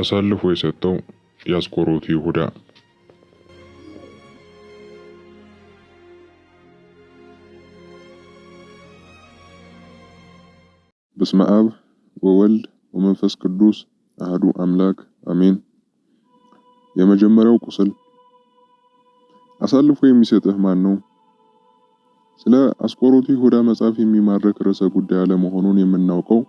አሳልፎ የሰጠው የአስቆሮቱ ይሁዳ በስመ አብ ወወልድ ወመንፈስ ቅዱስ አህዱ አምላክ አሜን። የመጀመሪያው ቁስል አሳልፎ የሚሰጥህ ማን ነው? ስለ አስቆሮቱ ይሁዳ መጽሐፍ የሚማርክ ርዕሰ ጉዳይ አለመሆኑን የምናውቀው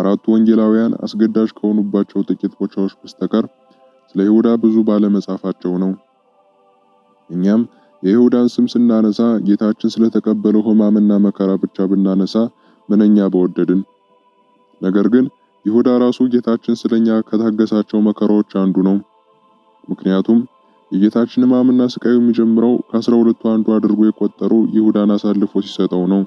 አራቱ ወንጌላውያን አስገዳጅ ከሆኑባቸው ጥቂት ቦቻዎች በስተቀር ስለ ይሁዳ ብዙ ባለመጻፋቸው ነው። እኛም የይሁዳን ስም ስናነሳ ጌታችን ስለተቀበለው ሕማምና መከራ ብቻ ብናነሳ ምንኛ በወደድን። ነገር ግን ይሁዳ ራሱ ጌታችን ስለኛ ከታገሳቸው መከራዎች አንዱ ነው። ምክንያቱም የጌታችን ሕማምና ስቃዩ የሚጀምረው ከአስራ ሁለቱ አንዱ አድርጎ የቆጠረው ይሁዳን አሳልፎ ሲሰጠው ነው።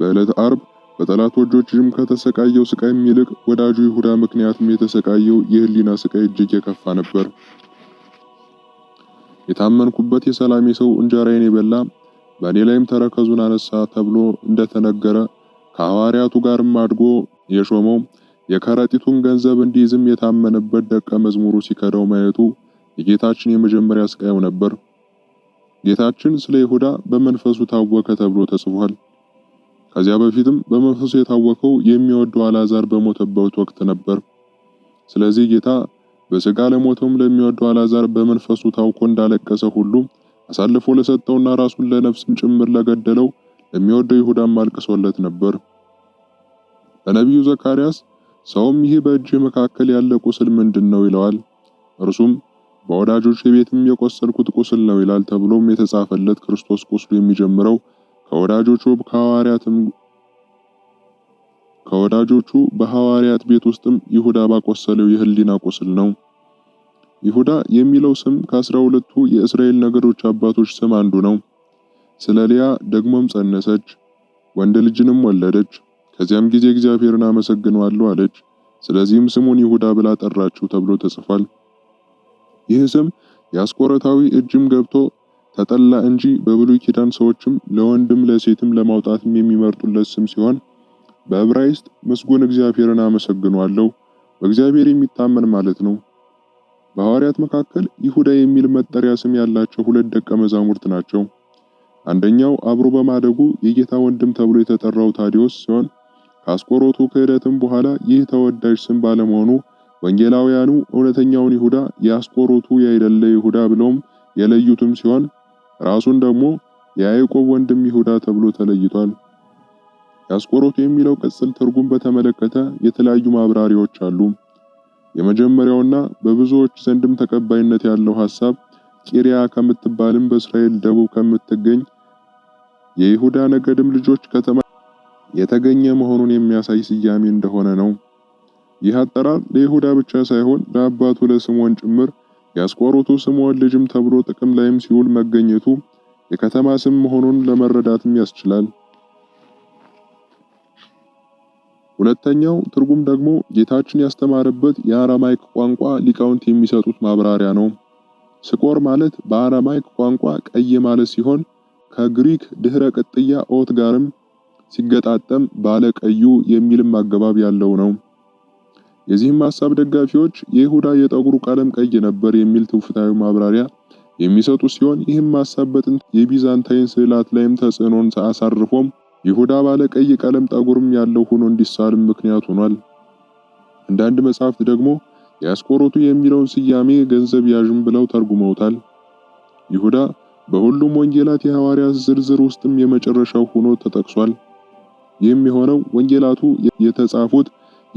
በዕለት አርብ በጠላት ወጆች ጅም ከተሰቃየው ስቃይም ይልቅ ወዳጁ ይሁዳ ምክንያትም የተሰቃየው የህሊና ስቃይ እጅግ የከፋ ነበር። የታመንኩበት የሰላሜ ሰው እንጀራዬን የበላ በእኔ ላይም ተረከዙን አነሳ ተብሎ እንደተነገረ ከሐዋርያቱ ጋርም አድጎ የሾመው የከረጢቱን ገንዘብ እንዲይዝም የታመነበት ደቀ መዝሙሩ ሲከዳው ማየቱ የጌታችን የመጀመሪያ ስቃዩ ነበር። ጌታችን ስለ ይሁዳ በመንፈሱ ታወከ ተብሎ ተጽፏል። ከዚያ በፊትም በመንፈሱ የታወከው የሚወደው አላዛር በሞተበት ወቅት ነበር። ስለዚህ ጌታ በስጋ ለሞተውም ለሚወደው አላዛር በመንፈሱ ታውቆ እንዳለቀሰ ሁሉ አሳልፎ ለሰጠውና ራሱን ለነፍስም ጭምር ለገደለው ለሚወደው ይሁዳም አልቅሶለት ነበር። ለነቢዩ ዘካርያስ ሰውም ይህ በእጅ መካከል ያለ ቁስል ምንድን ነው ይለዋል። እርሱም በወዳጆች ቤትም የቆሰልኩት ቁስል ነው ይላል ተብሎም የተጻፈለት ክርስቶስ ቁስሉ የሚጀምረው ከወዳጆቹ ከሐዋርያትም ከወዳጆቹ በሐዋርያት ቤት ውስጥም ይሁዳ ባቆሰለው የህሊና ቁስል ነው። ይሁዳ የሚለው ስም ከአስራ ሁለቱ የእስራኤል ነገዶች አባቶች ስም አንዱ ነው። ስለ ደግሞም ጸነሰች፣ ወንድ ልጅንም ወለደች። ከዚያም ጊዜ እግዚአብሔርን አመሰግነዋለሁ አለች። ስለዚህም ስሙን ይሁዳ ብላ ጠራችው ተብሎ ተጽፏል። ይህ ስም የአስቆረታዊ እጅም ገብቶ ተጠላ እንጂ በብሉይ ኪዳን ሰዎችም ለወንድም ለሴትም ለማውጣትም የሚመርጡለት ስም ሲሆን በዕብራይስጥ ምስጉን እግዚአብሔርን አመሰግኗለሁ በእግዚአብሔር የሚታመን ማለት ነው። በሐዋርያት መካከል ይሁዳ የሚል መጠሪያ ስም ያላቸው ሁለት ደቀ መዛሙርት ናቸው። አንደኛው አብሮ በማደጉ የጌታ ወንድም ተብሎ የተጠራው ታዲዮስ ሲሆን ከአስቆሮቱ ክህደትም በኋላ ይህ ተወዳጅ ስም ባለመሆኑ ወንጌላውያኑ እውነተኛውን ይሁዳ የአስቆሮቱ ያይደለ ይሁዳ ብለውም የለዩትም ሲሆን ራሱን ደግሞ የያዕቆብ ወንድም ይሁዳ ተብሎ ተለይቷል። ያስቆሮቱ የሚለው ቅጽል ትርጉም በተመለከተ የተለያዩ ማብራሪያዎች አሉ። የመጀመሪያውና በብዙዎች ዘንድም ተቀባይነት ያለው ሐሳብ ቂሪያ ከምትባልም በእስራኤል ደቡብ ከምትገኝ የይሁዳ ነገድም ልጆች ከተማ የተገኘ መሆኑን የሚያሳይ ስያሜ እንደሆነ ነው። ይህ አጠራር ለይሁዳ ብቻ ሳይሆን ለአባቱ ለስምዖን ጭምር የአስቆሮቱ ስምዖን ልጅም ተብሎ ጥቅም ላይም ሲውል መገኘቱ የከተማ ስም መሆኑን ለመረዳትም ያስችላል። ሁለተኛው ትርጉም ደግሞ ጌታችን ያስተማረበት የአረማይክ ቋንቋ ሊቃውንት የሚሰጡት ማብራሪያ ነው። ስቆር ማለት በአራማይክ ቋንቋ ቀይ ማለት ሲሆን ከግሪክ ድህረ ቅጥያ ኦት ጋርም ሲገጣጠም ባለ ቀዩ የሚልም አገባብ ያለው ነው። የዚህም ሐሳብ ደጋፊዎች የይሁዳ የጠጉሩ ቀለም ቀይ ነበር የሚል ትውፊታዊ ማብራሪያ የሚሰጡ ሲሆን ይህም ሐሳብ በጥንት የቢዛንታይን ስዕላት ላይም ተጽዕኖን አሳርፎም ይሁዳ ባለ ቀይ ቀለም ጠጉርም ያለው ሆኖ እንዲሳልም ምክንያት ሆኗል። አንዳንድ መጽሐፍት ደግሞ የአስቆሮቱ የሚለውን ስያሜ ገንዘብ ያዥም ብለው ተርጉመውታል። ይሁዳ በሁሉም ወንጌላት የሐዋርያት ዝርዝር ውስጥም የመጨረሻው ሆኖ ተጠቅሷል። ይህም የሆነው ወንጌላቱ የተጻፉት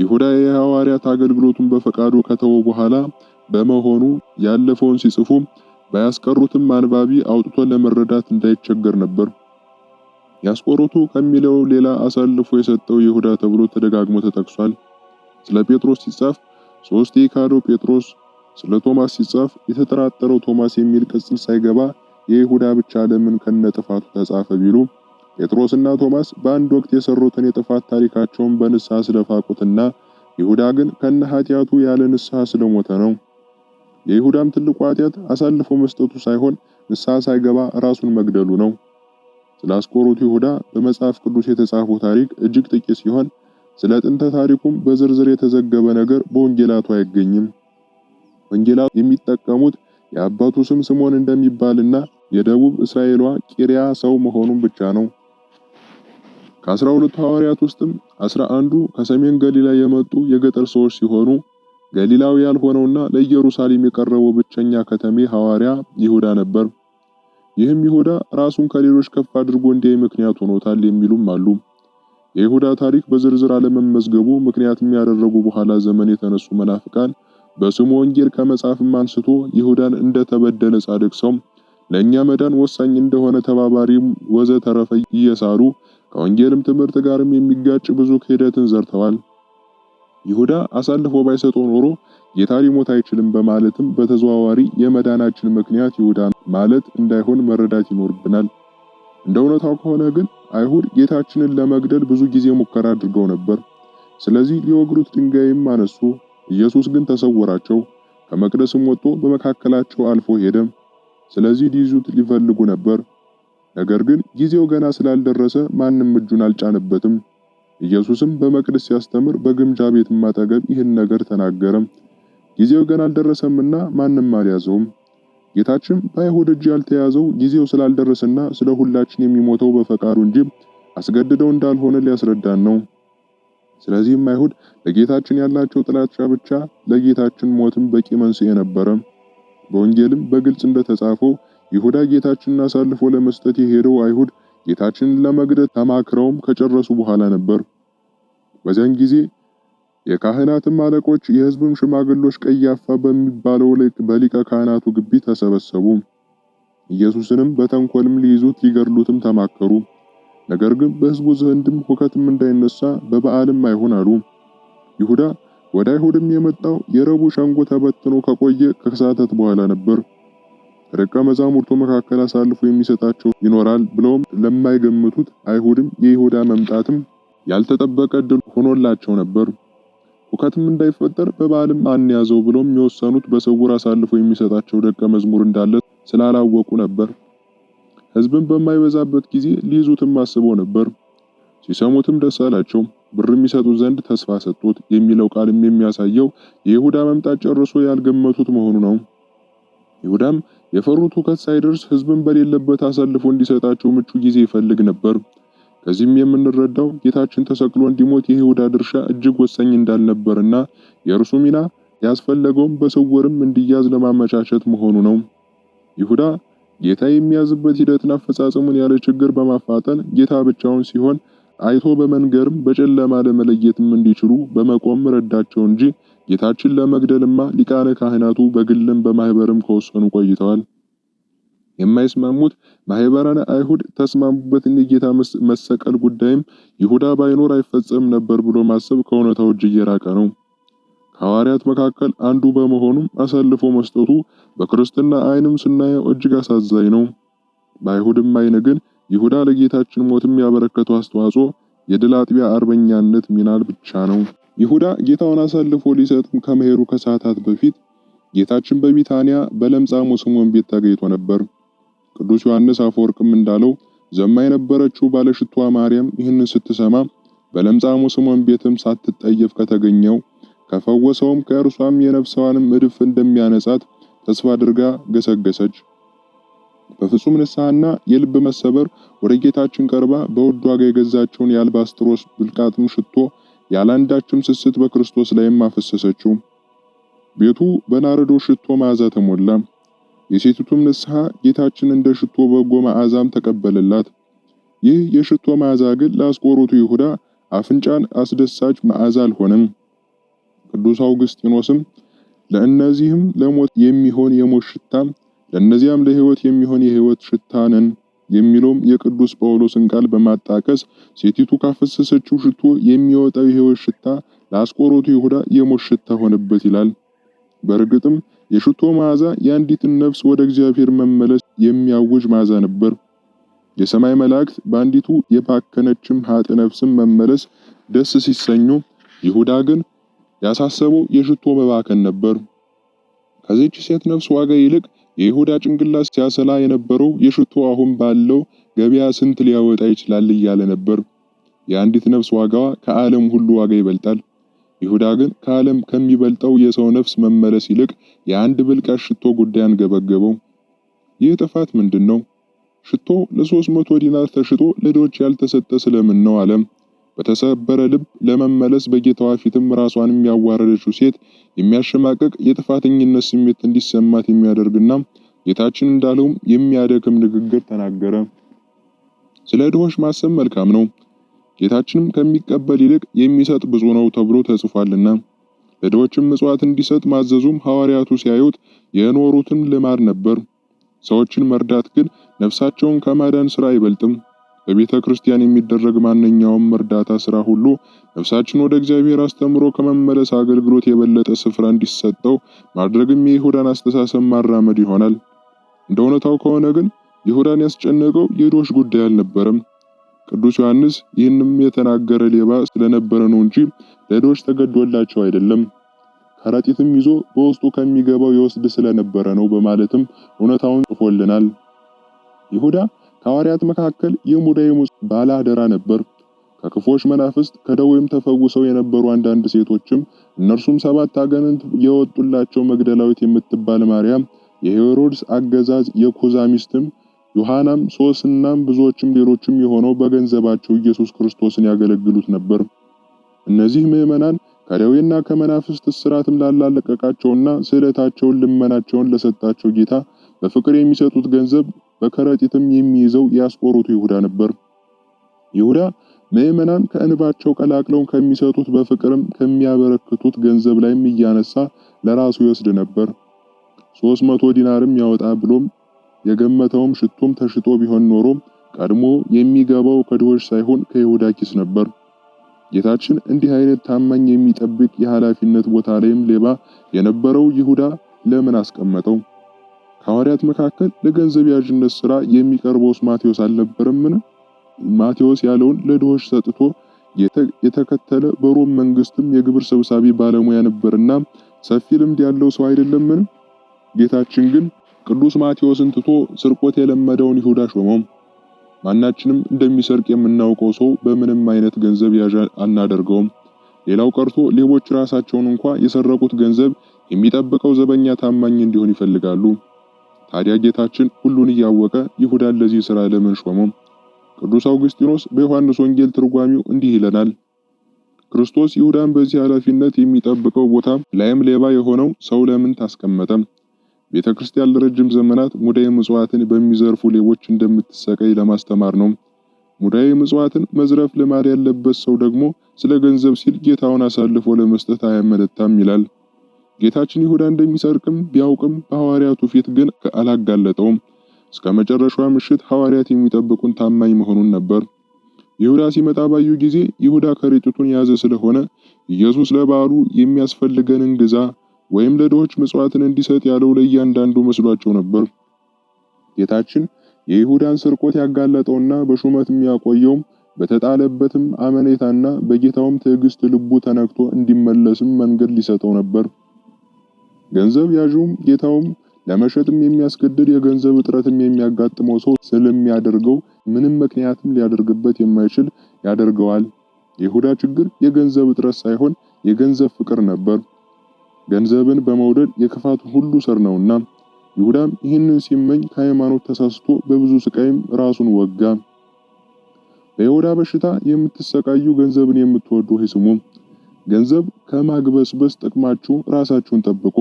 ይሁዳ የሐዋርያት አገልግሎቱን በፈቃዱ ከተወ በኋላ በመሆኑ ያለፈውን ሲጽፉ ባያስቀሩትም አንባቢ አውጥቶ ለመረዳት እንዳይቸገር ነበር። ያስቆሮቱ ከሚለው ሌላ አሳልፎ የሰጠው ይሁዳ ተብሎ ተደጋግሞ ተጠቅሷል። ስለ ጴጥሮስ ሲጻፍ ሶስት የካደው ጴጥሮስ፣ ስለ ቶማስ ሲጻፍ የተጠራጠረው ቶማስ የሚል ቅጽል ሳይገባ የይሁዳ ብቻ ለምን ከነጥፋቱ ተጻፈ ቢሉ ጴጥሮስና ቶማስ በአንድ ወቅት የሰሩትን የጥፋት ታሪካቸውን በንስሐ ስለፋቁትና ይሁዳ ግን ከነ ኃጢአቱ ያለ ንስሐ ስለሞተ ነው። የይሁዳም ትልቁ ኃጢአት አሳልፎ መስጠቱ ሳይሆን ንስሐ ሳይገባ ራሱን መግደሉ ነው። ስለ አስቆሮቱ ይሁዳ በመጽሐፍ ቅዱስ የተጻፈው ታሪክ እጅግ ጥቂት ሲሆን ስለ ጥንተ ታሪኩም በዝርዝር የተዘገበ ነገር በወንጌላቱ አይገኝም። ወንጌላቱ የሚጠቀሙት የአባቱ ስም ስምዖን እንደሚባልና የደቡብ እስራኤሏ ቂሪያ ሰው መሆኑን ብቻ ነው። ከአስራ ሁለቱ ሐዋርያት ውስጥም አስራ አንዱ ከሰሜን ገሊላ የመጡ የገጠር ሰዎች ሲሆኑ ገሊላዊ ያልሆነውና ለኢየሩሳሌም የቀረበው ብቸኛ ከተሜ ሐዋርያ ይሁዳ ነበር። ይህም ይሁዳ ራሱን ከሌሎች ከፍ አድርጎ እንዲያይ ምክንያት ሆኖታል የሚሉም አሉ። የይሁዳ ታሪክ በዝርዝር አለመመዝገቡ ምክንያትም ያደረጉ በኋላ ዘመን የተነሱ መናፍቃን በስሙ ወንጌል ከመጻፍም አንስቶ ይሁዳን እንደ ተበደለ ጻድቅ ሰው ለእኛ መዳን ወሳኝ እንደሆነ ተባባሪም ወዘተረፈ እየሳሉ ከወንጌልም ትምህርት ጋርም የሚጋጭ ብዙ ክህደትን ዘርተዋል። ይሁዳ አሳልፎ ባይሰጠው ኖሮ ጌታ ሊሞት አይችልም በማለትም በተዘዋዋሪ የመዳናችን ምክንያት ይሁዳ ማለት እንዳይሆን መረዳት ይኖርብናል። እንደ እውነታው ከሆነ ግን አይሁድ ጌታችንን ለመግደል ብዙ ጊዜ ሙከራ አድርገው ነበር። ስለዚህ ሊወግሩት ድንጋይም አነሱ። ኢየሱስ ግን ተሰወራቸው፣ ከመቅደስም ወጥቶ በመካከላቸው አልፎ ሄደም። ስለዚህ ሊይዙት ሊፈልጉ ነበር። ነገር ግን ጊዜው ገና ስላልደረሰ ማንም እጁን አልጫነበትም። ኢየሱስም በመቅደስ ሲያስተምር በግምጃ ቤት አጠገብ ይህን ነገር ተናገረ። ጊዜው ገና አልደረሰምና ማንም አልያዘውም። ጌታችን በአይሁድ እጅ ያልተያዘው ጊዜው ስላልደረሰና ስለ ሁላችን የሚሞተው በፈቃዱ እንጂ አስገድደው እንዳልሆነ ሊያስረዳን ነው። ስለዚህም አይሁድ ለጌታችን ያላቸው ጥላቻ ብቻ ለጌታችን ሞትም በቂ መንስኤ ነበረ። በወንጌልም በግልጽ እንደተጻፈው ይሁዳ ጌታችንን አሳልፎ ለመስጠት የሄደው አይሁድ ጌታችንን ለመግደል ተማክረውም ከጨረሱ በኋላ ነበር። በዚያን ጊዜ የካህናትም አለቆች የሕዝብም ሽማግሎች ቀያፋ በሚባለው በሊቀ ካህናቱ ግቢ ተሰበሰቡ። ኢየሱስንም በተንኮልም ሊይዙት ሊገድሉትም ተማከሩ። ነገር ግን በሕዝቡ ዘንድም ሁከትም እንዳይነሳ በበዓልም አይሆን አሉ። ይሁዳ ወደ አይሁድም የመጣው የረቡዕ ሸንጎ ተበትኖ ከቆየ ከሰዓታት በኋላ ነበር። ከደቀ መዛሙርቱ መካከል አሳልፎ የሚሰጣቸው ይኖራል ብለውም ለማይገምቱት አይሁድም የይሁዳ መምጣትም ያልተጠበቀ እድል ሆኖላቸው ነበር። ሁከትም እንዳይፈጠር በበዓልም አንያዘው ብሎም የወሰኑት በስውር አሳልፎ የሚሰጣቸው ደቀ መዝሙር እንዳለ ስላላወቁ ነበር። ሕዝብም በማይበዛበት ጊዜ ሊይዙትም አስበው ነበር። ሲሰሙትም ደስ አላቸው። ብርም የሚሰጡት ዘንድ ተስፋ ሰጡት የሚለው ቃልም የሚያሳየው የይሁዳ መምጣት ጨርሶ ያልገመቱት መሆኑ ነው። ይሁዳም የፈሩት ሁከት ሳይደርስ ህዝብን በሌለበት አሳልፎ እንዲሰጣቸው ምቹ ጊዜ ይፈልግ ነበር። ከዚህም የምንረዳው ጌታችን ተሰቅሎ እንዲሞት የይሁዳ ድርሻ እጅግ ወሳኝ እንዳልነበርና የእርሱ ሚና ያስፈለገውም በስውርም እንዲያዝ ለማመቻቸት መሆኑ ነው። ይሁዳ ጌታ የሚያዝበት ሂደትን አፈጻጸሙን ያለ ችግር በማፋጠን ጌታ ብቻውን ሲሆን አይቶ በመንገርም በጨለማ ለመለየትም እንዲችሉ በመቆም ረዳቸው እንጂ ጌታችን ለመግደልማ ሊቃነ ካህናቱ በግልም በማህበርም ከወሰኑ ቆይተዋል። የማይስማሙት ማህበራነ አይሁድ ተስማሙበትን ጌታ መሰቀል ጉዳይም ይሁዳ ባይኖር አይፈጸም ነበር ብሎ ማሰብ ከእውነታው እጅግ የራቀ ነው። ከሐዋርያት መካከል አንዱ በመሆኑም አሳልፎ መስጠቱ በክርስትና አይንም ስናየው እጅግ አሳዛኝ ነው። በአይሁድም አይን ግን ይሁዳ ለጌታችን ሞትም ያበረከተው አስተዋጽኦ የድል አጥቢያ አርበኛነት ሚናል ብቻ ነው። ይሁዳ ጌታውን አሳልፎ ሊሰጥም ከመሄዱ ከሰዓታት በፊት ጌታችን በቢታንያ በለምጻሙ ስምዖን ቤት ተገኝቶ ነበር። ቅዱስ ዮሐንስ አፈወርቅም እንዳለው ዘማ የነበረችው ባለሽቷ ማርያም ይህንን ስትሰማ በለምጻሙ ስምዖን ቤትም ሳትጠየፍ ከተገኘው ከፈወሰውም ከእርሷም የነፍሰዋንም እድፍ እንደሚያነጻት ተስፋ አድርጋ ገሰገሰች። በፍጹም ንስሐና የልብ መሰበር ወደ ጌታችን ቀርባ በውድ ዋጋ የገዛቸውን የአልባስጥሮስ ብልቃጥም ሽቶ ያላንዳችም ስስት በክርስቶስ ላይ አፈሰሰችው። ቤቱ በናረዶ ሽቶ መዓዛ ተሞላ። የሴቲቱም ንስሐ ጌታችን እንደ ሽቶ በጎ መዓዛም ተቀበለላት። ይህ የሽቶ መዓዛ ግን ለአስቆሮቱ ይሁዳ አፍንጫን አስደሳች መዓዛ አልሆነም። ቅዱስ አውግስጢኖስም ለእነዚህም ለሞት የሚሆን የሞት ሽታ ለእነዚያም ለሕይወት የሚሆን የሕይወት ሽታ ነን የሚለውም የቅዱስ ጳውሎስን ቃል በማጣቀስ ሴቲቱ ካፈሰሰችው ሽቶ የሚወጣው የሕይወት ሽታ ለአስቆሮቱ ይሁዳ የሞት ሽታ ሆነበት ይላል። በእርግጥም የሽቶ መዓዛ የአንዲትን ነፍስ ወደ እግዚአብሔር መመለስ የሚያውጅ መዓዛ ነበር። የሰማይ መላእክት በአንዲቱ የባከነችም ሀጥ ነፍስም መመለስ ደስ ሲሰኙ፣ ይሁዳ ግን ያሳሰበው የሽቶ መባከን ነበር። ከዚህች ሴት ነፍስ ዋጋ ይልቅ የይሁዳ ጭንቅላት ሲያሰላ የነበረው የሽቶ አሁን ባለው ገበያ ስንት ሊያወጣ ይችላል እያለ ነበር። የአንዲት ነፍስ ዋጋዋ ከዓለም ሁሉ ዋጋ ይበልጣል። ይሁዳ ግን ከዓለም ከሚበልጠው የሰው ነፍስ መመለስ ይልቅ የአንድ ብልቃሽ ሽቶ ጉዳይን ገበገበው። ይህ ጥፋት ምንድን ነው? ሽቶ ለሶስት መቶ ዲናር ተሽጦ ለድሆች ያልተሰጠ ስለምን ነው አለም በተሰበረ ልብ ለመመለስ በጌታዋ ፊትም ራሷንም ያዋረደችው ሴት የሚያሸማቅቅ የጥፋተኝነት ስሜት እንዲሰማት የሚያደርግና ጌታችን እንዳለውም የሚያደክም ንግግር ተናገረ። ስለ ድሆች ማሰብ መልካም ነው፣ ጌታችንም ከሚቀበል ይልቅ የሚሰጥ ብዙ ነው ተብሎ ተጽፏልና ለድሆችም ምጽዋት እንዲሰጥ ማዘዙም ሐዋርያቱ ሲያዩት የኖሩትን ልማድ ነበር። ሰዎችን መርዳት ግን ነፍሳቸውን ከማዳን ስራ አይበልጥም። በቤተ ክርስቲያን የሚደረግ ማንኛውም እርዳታ ስራ ሁሉ ነፍሳችን ወደ እግዚአብሔር አስተምሮ ከመመለስ አገልግሎት የበለጠ ስፍራ እንዲሰጠው ማድረግም የይሁዳን አስተሳሰብ ማራመድ ይሆናል። እንደ እውነታው ከሆነ ግን ይሁዳን ያስጨነቀው የድሆች ጉዳይ አልነበረም። ቅዱስ ዮሐንስ ይህንም የተናገረ ሌባ ስለነበረ ነው እንጂ ለድሆች ተገዶላቸው አይደለም። ከረጢትም ይዞ በውስጡ ከሚገባው የወስድ ስለነበረ ነው በማለትም እውነታውን ጽፎልናል። ይሁዳ ከሐዋርያት መካከል የሙዳይሙስ ባለ አደራ ነበር። ከክፎች መናፍስት ከደዌም ተፈውሰው የነበሩ አንዳንድ ሴቶችም እነርሱም ሰባት አጋንንት የወጡላቸው መግደላዊት የምትባል ማርያም፣ የሄሮድስ አገዛዝ የኩዛ ሚስትም፣ ዮሐናም፣ ሶስናም ብዙዎችም ሌሎችም የሆነው በገንዘባቸው ኢየሱስ ክርስቶስን ያገለግሉት ነበር። እነዚህ ምዕመናን ከደዌና ከመናፍስት እስራትም ላላለቀቃቸውና ስዕለታቸውን ልመናቸውን ለሰጣቸው ጌታ በፍቅር የሚሰጡት ገንዘብ በከረጢትም የሚይዘው የአስቆሮቱ ይሁዳ ነበር። ይሁዳ ምዕመናን ከእንባቸው ቀላቅለው ከሚሰጡት በፍቅርም ከሚያበረክቱት ገንዘብ ላይም እያነሳ ለራሱ ይወስድ ነበር። ሶስት መቶ ዲናርም ያወጣ ብሎም የገመተውም ሽቶም ተሽጦ ቢሆን ኖሮ ቀድሞ የሚገባው ከድሆች ሳይሆን ከይሁዳ ኪስ ነበር። ጌታችን እንዲህ አይነት ታማኝ የሚጠብቅ የኃላፊነት ቦታ ላይም ሌባ የነበረው ይሁዳ ለምን አስቀመጠው? ከሐዋርያት መካከል ለገንዘብ ያዥነት ሥራ የሚቀርበውስ ማቴዎስ አልነበረምን? ማቴዎስ ያለውን ለድሆች ሰጥቶ የተከተለ በሮም መንግስትም የግብር ሰብሳቢ ባለሙያ ነበርና ሰፊ ልምድ ያለው ሰው አይደለምን? ጌታችን ግን ቅዱስ ማቴዎስን ትቶ ስርቆት የለመደውን ይሁዳ ሾመው። ማናችንም እንደሚሰርቅ የምናውቀው ሰው በምንም አይነት ገንዘብ ያዥ አናደርገውም። ሌላው ቀርቶ ሌቦች ራሳቸውን እንኳ የሰረቁት ገንዘብ የሚጠብቀው ዘበኛ ታማኝ እንዲሆን ይፈልጋሉ። ታዲያ ጌታችን ሁሉን እያወቀ ይሁዳን ለዚህ ሥራ ለምን ሾመ ቅዱስ አውግስጢኖስ በዮሐንስ ወንጌል ትርጓሚው እንዲህ ይለናል። ክርስቶስ ይሁዳን በዚህ ኃላፊነት የሚጠብቀው ቦታ ላይም ሌባ የሆነው ሰው ለምን ታስቀመጠ? ቤተ ክርስቲያን ለረጅም ዘመናት ሙዳየ ምጽዋትን በሚዘርፉ ሌቦች እንደምትሰቀይ ለማስተማር ነው። ሙዳየ ምጽዋትን መዝረፍ ልማድ ያለበት ሰው ደግሞ ስለ ገንዘብ ሲል ጌታውን አሳልፎ ለመስጠት አያመለታም ይላል። ጌታችን ይሁዳ እንደሚሰርቅም ቢያውቅም በሐዋርያቱ ፊት ግን አላጋለጠውም። እስከ መጨረሻዋ ምሽት ሐዋርያት የሚጠብቁን ታማኝ መሆኑን ነበር። ይሁዳ ሲመጣ ባዩ ጊዜ ይሁዳ ከረጢቱን የያዘ ስለሆነ ኢየሱስ ለበዓሉ የሚያስፈልገንን ግዛ ወይም ለድሆች ምጽዋትን እንዲሰጥ ያለው ለእያንዳንዱ መስሏቸው ነበር። ጌታችን የይሁዳን ስርቆት ያጋለጠውና በሹመት ያቆየውም በተጣለበትም አመኔታና በጌታውም ትዕግስት ልቡ ተነክቶ እንዲመለስም መንገድ ሊሰጠው ነበር። ገንዘብ ያዡም ጌታውም ለመሸጥም የሚያስገድድ የገንዘብ እጥረትም የሚያጋጥመው ሰው ስለሚያደርገው ምንም ምክንያትም ሊያደርግበት የማይችል ያደርገዋል። የይሁዳ ችግር የገንዘብ እጥረት ሳይሆን የገንዘብ ፍቅር ነበር። ገንዘብን በመውደድ የክፋቱ ሁሉ ስር ነውና ይሁዳም ይህንን ሲመኝ ከሃይማኖት ተሳስቶ በብዙ ስቃይም ራሱን ወጋ። በይሁዳ በሽታ የምትሰቃዩ ገንዘብን የምትወዱ ስሙ! ገንዘብ ከማግበስበስ ጥቅማችሁ ራሳችሁን ጠብቁ።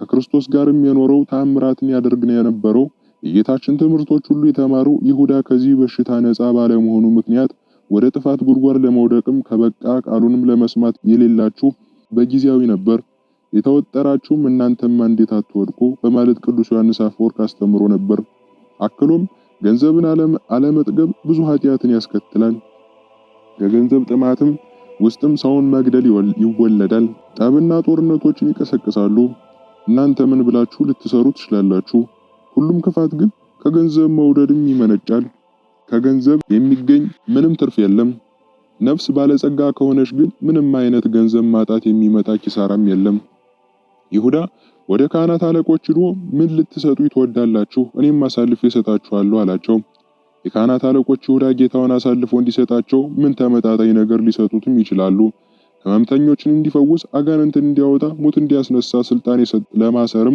ከክርስቶስ ጋርም የኖረው ታምራትን ያደርግ ነው የነበረው። የጌታችን ትምህርቶች ሁሉ የተማሩ ይሁዳ ከዚህ በሽታ ነፃ ባለመሆኑ ምክንያት ወደ ጥፋት ጉድጓድ ለመውደቅም ከበቃ ቃሉንም ለመስማት የሌላችሁ በጊዜያዊ ነበር። የተወጠራችሁም እናንተማ እንዴት አትወድቁ በማለት ቅዱስ ዮሐንስ አፈወርቅ አስተምሮ ነበር። አክሎም ገንዘብን አለመጥገብ ብዙ ኃጢአትን ያስከትላል። ከገንዘብ ጥማትም ውስጥም ሰውን መግደል ይወለዳል። ጠብና ጦርነቶችን ይቀሰቅሳሉ። እናንተ ምን ብላችሁ ልትሰሩ ትችላላችሁ? ሁሉም ክፋት ግን ከገንዘብ መውደድም ይመነጫል። ከገንዘብ የሚገኝ ምንም ትርፍ የለም። ነፍስ ባለጸጋ ከሆነች ግን ምንም አይነት ገንዘብ ማጣት የሚመጣ ኪሳራም የለም። ይሁዳ ወደ ካህናት አለቆች ሂዶ ምን ልትሰጡ ትወዳላችሁ? እኔም አሳልፌ እሰጣችኋለሁ አላቸው። የካህናት አለቆች ይሁዳ ጌታውን አሳልፎ እንዲሰጣቸው ምን ተመጣጣኝ ነገር ሊሰጡትም ይችላሉ? ህመምተኞችን እንዲፈውስ፣ አጋንንትን እንዲያወጣ፣ ሙት እንዲያስነሳ ስልጣን ለማሰርም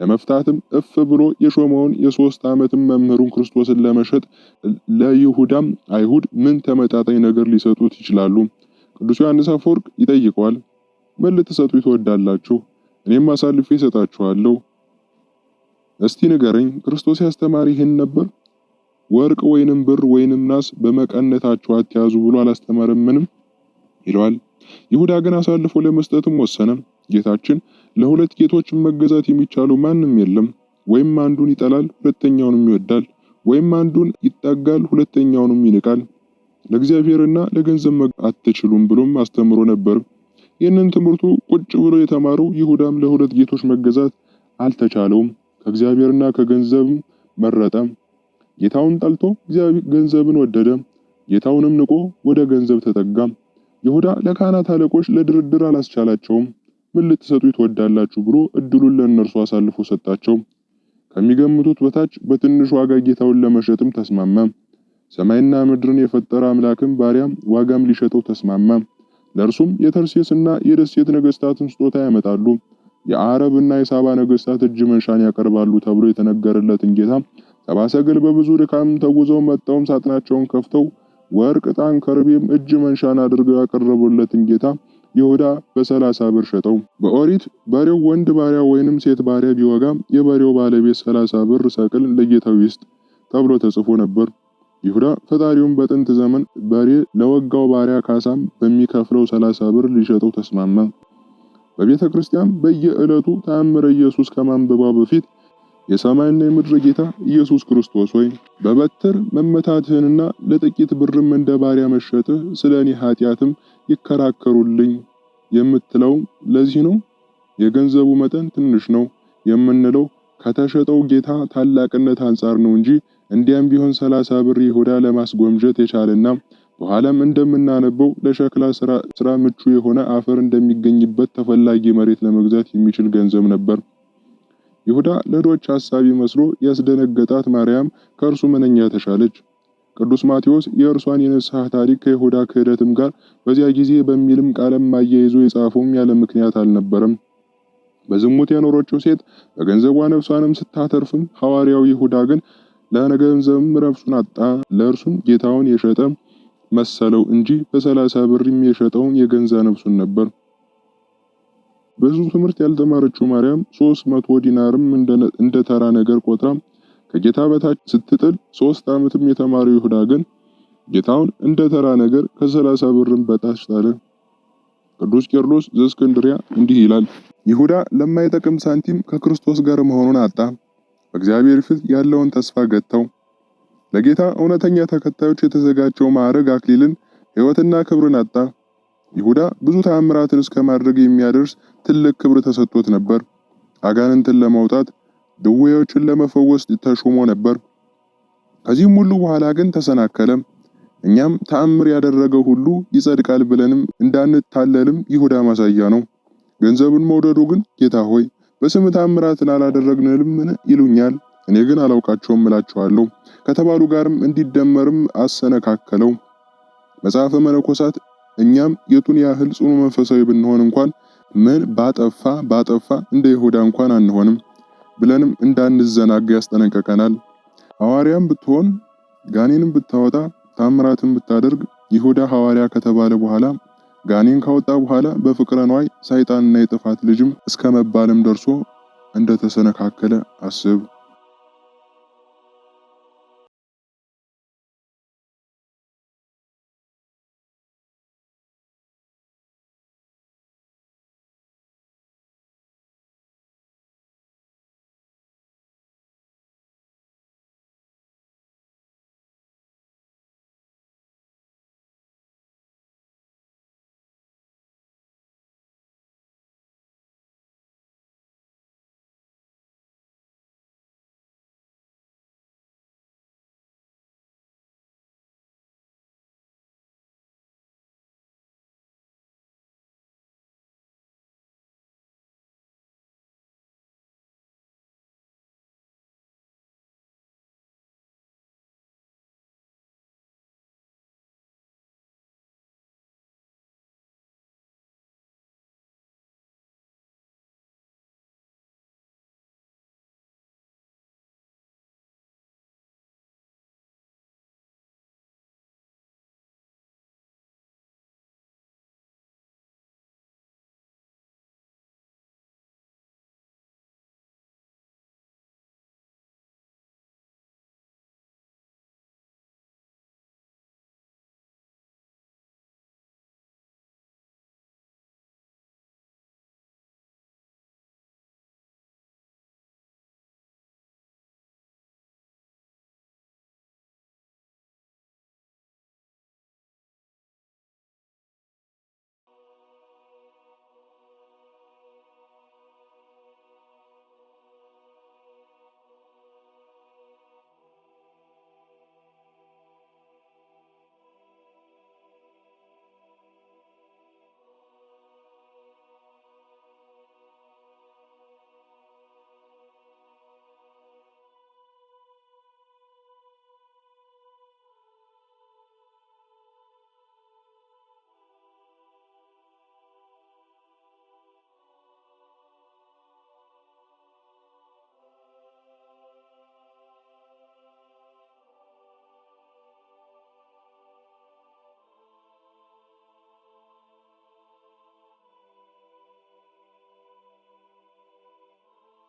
ለመፍታትም እፍ ብሎ የሾመውን የሶስት ዓመትም መምህሩን ክርስቶስን ለመሸጥ ለይሁዳም አይሁድ ምን ተመጣጣኝ ነገር ሊሰጡት ይችላሉ? ቅዱስ ዮሐንስ አፈወርቅ ይጠይቀዋል። ምን ልትሰጡ ትወዳላችሁ? እኔም አሳልፌ እሰጣችኋለሁ። እስቲ ንገረኝ፣ ክርስቶስ ያስተማር ይህን ነበር? ወርቅ ወይንም ብር ወይንም ናስ በመቀነታችሁ አትያዙ ብሎ አላስተማረም ምንም ይለዋል። ይሁዳ ግን አሳልፎ ለመስጠትም ወሰነ። ጌታችን ለሁለት ጌቶችን መገዛት የሚቻለው ማንም የለም፣ ወይም አንዱን ይጠላል ሁለተኛውንም ይወዳል፣ ወይም አንዱን ይጠጋል ሁለተኛውንም ይንቃል። ለእግዚአብሔርና ለገንዘብ አትችሉም ብሎም አስተምሮ ነበር። ይህንን ትምህርቱ ቁጭ ብሎ የተማረው ይሁዳም ለሁለት ጌቶች መገዛት አልተቻለውም፣ ከእግዚአብሔርና ከገንዘብ መረጠም። ጌታውን ጠልቶ ገንዘብን ወደደ፣ ጌታውንም ንቆ ወደ ገንዘብ ተጠጋ። ይሁዳ ለካህናት አለቆች ለድርድር አላስቻላቸውም። ምን ልትሰጡ ትወዳላችሁ ብሎ እድሉን ለእነርሱ አሳልፎ ሰጣቸው። ከሚገምቱት በታች በትንሽ ዋጋ ጌታውን ለመሸጥም ተስማመ። ሰማይና ምድርን የፈጠረ አምላክም ባሪያም ዋጋም ሊሸጠው ተስማማ። ለእርሱም የተርሴስና የደሴት ነገስታትን ስጦታ ያመጣሉ፣ የአረብና የሳባ ነገስታት እጅ መንሻን ያቀርባሉ ተብሎ የተነገረለትን ጌታ ጠባሰግል በብዙ ድካም ተጉዘው መጥተውም ሳጥናቸውን ከፍተው ወርቅ፣ ዕጣን፣ ከርቤም እጅ መንሻን አድርገው ያቀረቡለትን ጌታ ይሁዳ በሰላሳ ብር ሸጠው። በኦሪት በሬው ወንድ ባሪያ ወይንም ሴት ባሪያ ቢወጋ የበሬው ባለቤት ሰላሳ ብር ሰቅል ለጌታው ይስጥ ተብሎ ተጽፎ ነበር። ይሁዳ ፈጣሪውን በጥንት ዘመን በሬ ለወጋው ባሪያ ካሳም በሚከፍለው ሰላሳ ብር ሊሸጠው ተስማማ። በቤተ ክርስቲያን በየዕለቱ ተአምረ ኢየሱስ ከማንበቧ በፊት የሰማይና የምድር ጌታ ኢየሱስ ክርስቶስ ሆይ በበትር መመታትህንና ለጥቂት ብርም እንደ ባሪያ መሸጥህ ስለ እኔ ኃጢአትም ይከራከሩልኝ የምትለው ለዚህ ነው። የገንዘቡ መጠን ትንሽ ነው የምንለው ከተሸጠው ጌታ ታላቅነት አንጻር ነው እንጂ እንዲያም ቢሆን ሰላሳ ብር ይሁዳ ለማስጎምጀት የቻለና በኋላም እንደምናነበው ለሸክላ ስራ ምቹ የሆነ አፈር እንደሚገኝበት ተፈላጊ መሬት ለመግዛት የሚችል ገንዘብ ነበር። ይሁዳ ለድሆች ሐሳቢ መስሎ ያስደነገጣት ማርያም ከእርሱ ምንኛ ተሻለች። ቅዱስ ማቴዎስ የእርሷን የንስሐ ታሪክ ከይሁዳ ክህደትም ጋር በዚያ ጊዜ በሚልም ቃለም አያይዞ የጻፈውም ያለ ምክንያት አልነበረም። በዝሙት የኖረችው ሴት በገንዘቧ ነፍሷንም ስታተርፍም ሐዋርያው ይሁዳ ግን ለገንዘብም ነፍሱን አጣ፣ ለእርሱም ጌታውን የሸጠ መሰለው እንጂ በሰላሳ ብር የሚሸጠውን የገንዘብ ነፍሱን ነበር። ብዙ ትምህርት ያልተማረችው ማርያም ሶስት መቶ ዲናርም እንደ ተራ ነገር ቆጥራ ከጌታ በታች ስትጥል ሶስት ዓመትም የተማረው ይሁዳ ግን ጌታውን እንደ ተራ ነገር ከሰላሳ ብርም በታች ጣለ። ቅዱስ ቄርሎስ ዘእስክንድርያ እንዲህ ይላል፣ ይሁዳ ለማይጠቅም ሳንቲም ከክርስቶስ ጋር መሆኑን አጣ። በእግዚአብሔር ፊት ያለውን ተስፋ ገታው። ለጌታ እውነተኛ ተከታዮች የተዘጋጀው ማዕረግ አክሊልን፣ ሕይወትና ክብርን አጣ። ይሁዳ ብዙ ተአምራትን እስከ ማድረግ የሚያደርስ ትልቅ ክብር ተሰጥቶት ነበር። አጋንንትን ለማውጣት ድዌዎችን ለመፈወስ ተሾሞ ነበር። ከዚህም ሁሉ በኋላ ግን ተሰናከለም። እኛም ተአምር ያደረገ ሁሉ ይጸድቃል ብለንም እንዳንታለልም ይሁዳ ማሳያ ነው። ገንዘብን መውደዱ ግን ጌታ ሆይ በስም ተአምራትን አላደረግንልምን ይሉኛል፣ እኔ ግን አላውቃቸውም እላቸዋለሁ ከተባሉ ጋርም እንዲደመርም አሰነካከለው። መጽሐፈ መነኮሳት እኛም የቱን ያህል ጽኑ መንፈሳዊ ብንሆን እንኳን ምን ባጠፋ ባጠፋ እንደ ይሁዳ እንኳን አንሆንም ብለንም እንዳንዘናጋ ያስጠነቀቀናል። ሐዋርያም ብትሆን ጋኔንም ብታወጣ ታምራትን ብታደርግ ይሁዳ ሐዋርያ ከተባለ በኋላ ጋኔን ካወጣ በኋላ በፍቅረ ነዋይ ሰይጣንና የጥፋት ልጅም እስከ መባልም ደርሶ እንደተሰነካከለ አስብ።